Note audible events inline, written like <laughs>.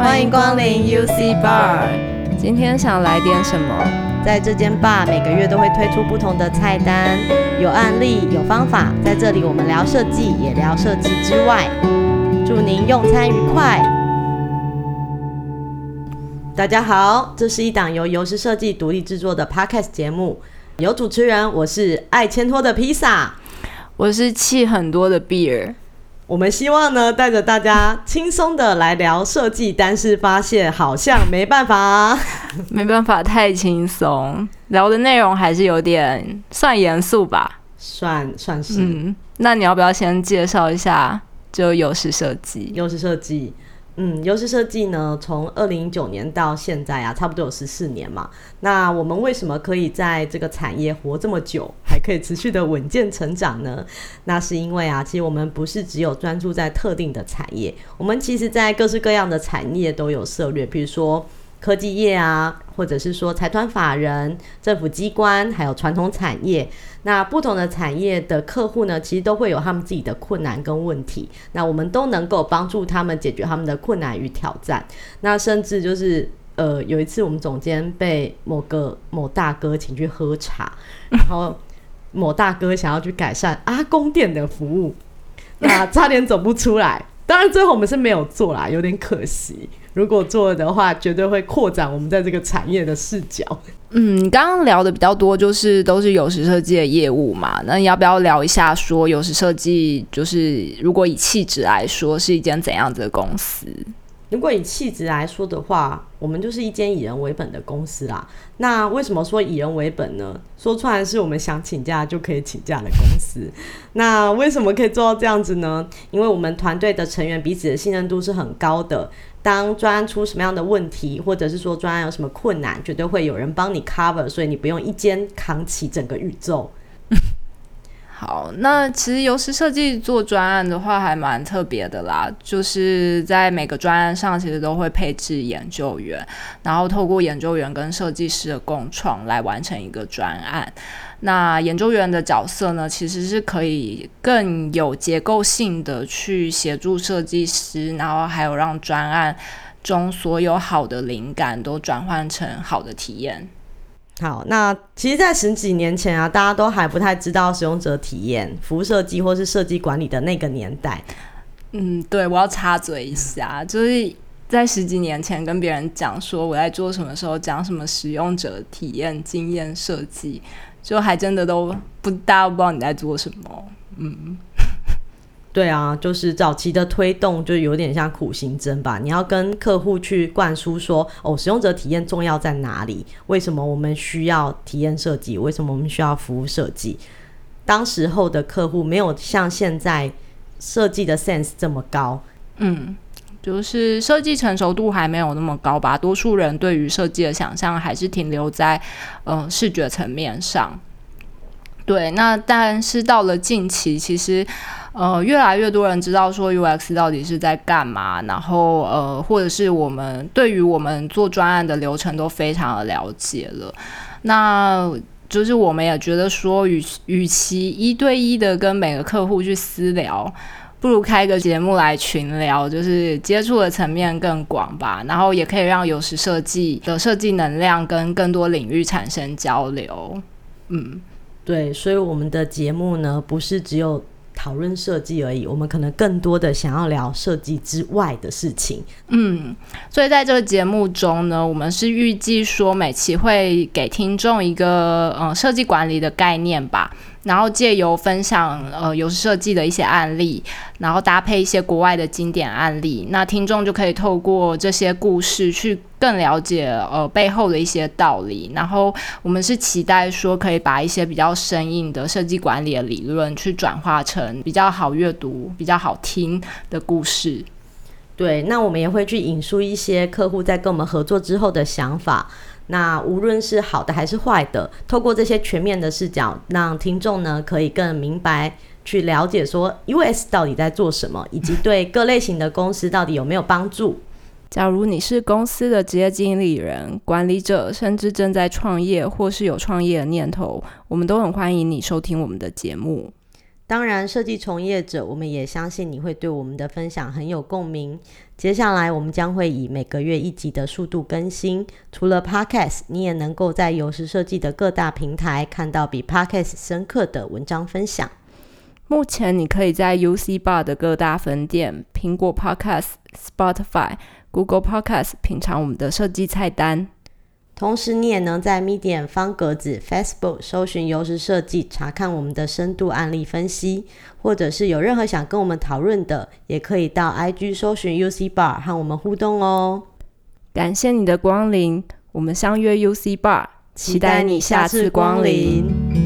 歡迎光臨 UXI Bar。今天想來點什麼？在這間 bar 每個月都會推出不同的菜單，有案例，有方法。在這裡，我們聊設計，也聊設計之外。祝您用餐愉快。 <noise> 大家好，這是一檔由遊石設計獨立製作的 podcast 節目。有主持人，我是愛牽拖的 Pizza，我是氣很多的 Beer。我們希望呢，帶着大家輕鬆的來聊設計，但是發現好像沒辦法、啊， <laughs> 沒辦法太輕鬆，聊的內容還是有點算嚴肅吧，算算是。嗯，那你要不要先介紹一下就遊石設計？遊石設計。嗯，遊石設計呢，從二零零九年到現在啊，差不多有十四年嘛。那我們為什麼可以在這個產業活這麼久，還可以持續的穩健成長呢？那是因為啊，其實我們不是只有專注在特定的產業，我們其實在各式各樣的產業都有涉獵，比如說。科技業啊，或者是說財團法人、政府機關，還有傳統產業，那不同的產業的客戶呢，其實都會有他們自己的困難跟問題。那我們都能夠幫助他們解決他們的困難與挑戰。那甚至就是，呃，有一次我們總監被某個某大哥請去喝茶，然後某大哥想要去改善阿公店的服務，那差點走不出來。 <laughs> 當然，最後我們是沒有做啦，有點可惜。如果做了的話，絕對會擴展我們在這個產業的視角。嗯，剛剛聊的比較多，就是都是遊石設計的業務嘛。那你要不要聊一下，說遊石設計就是如果以氣質來說，是一間怎樣子的公司？如果以氣質來說的話，我們就是一間以人為本的公司啦。那為什麼說以人為本呢？說出來是我們想請假就可以請假的公司。那為什麼可以做到這樣子呢？因為我們團隊的成員彼此的信任度是很高的。當專案出什麼樣的問題，或者是說專案有什麼困難，絕對會有人幫你 cover，所以你不用一肩扛起整個宇宙。好，那其實遊石設計做專案的話還蠻特別的啦，就是在每個專案上其實都會配置研究員，然後透過研究員跟設計師的共創來完成一個專案。那研究員的角色呢，其實是可以更有結構性的去協助設計師，然後還有讓專案中所有好的靈感都轉換成好的體驗。好，那其實，在十幾年前啊，大家都還不太知道使用者體驗、服務設計或是設計管理的那個年代。嗯，對，我要插嘴一下，就是在十幾年前跟別人講說我在做什麼時候，講什麼使用者體驗、經驗設計，就還真的都不大我不知道你在做什麼。嗯。對啊，就是早期的推動，就有點像苦行僧吧。你要跟客戶去灌輸說，哦，使用者體驗重要在哪裡？為什麼我們需要體驗設計？為什麼我們需要服務設計？當時候的客戶沒有像現在設計的 sense 這麼高。嗯，就是設計成熟度還沒有那麼高吧。多數人對於設計的想象還是停留在，呃，視覺層面上。對，那但是到了近期，其實，呃，越來越多人知道說 UX 到底是在幹嘛，然後呃，或者是我們對於我們做專案的流程都非常的了解了。那就是我們也覺得說，與與其一對一的跟每個客戶去私聊，不如開個節目來群聊，就是接觸的層面更廣吧，然後也可以讓遊石設計的設計能量跟更多領域產生交流，嗯。對，所以我們的節目呢，不是只有討論設計而已，我們可能更多的想要聊設計之外的事情。嗯，所以在這個節目中呢，我們是預計說每期會給聽眾一個嗯，設計管理的概念吧。然後借由分享呃遊石設計的一些案例，然後搭配一些國外的經典案例，那聽眾就可以透過這些故事去更了解呃背後的一些道理。然後我們是期待說可以把一些比較生硬的設計管理的理論，去轉化成比較好閱讀、比較好聽的故事。對，那我們也會去引述一些客戶在跟我們合作之後的想法。那無論是好的還是壞的，透過這些全面的視角，讓聽眾呢可以更明白去了解說 US 到底在做什麼，以及對各類型的公司到底有沒有幫助。假如你是公司的職業經理人、管理者，甚至正在創業或是有創業的念頭，我們都很歡迎你收聽我們的節目。當然，設計從業者，我們也相信你會對我們的分享很有共鳴。接下來，我們將會以每個月一集的速度更新。除了 Podcast，你也能夠在遊石設計的各大平台看到比 Podcast 深刻的文章分享。目前，你可以在 UXI BAR 的各大分店、蘋果 Podcast、Spotify、Google Podcast 品嘗我們的設計菜單。同時，你也能在 Medium 方格子、Facebook 搜尋“遊石設計”，查看我們的深度案例分析；或者是有任何想跟我們討論的，也可以到 IG 搜尋 “UXI BAR” 和我們互動哦。感謝你的光臨，我們相約 UXI BAR，期待你下次光臨。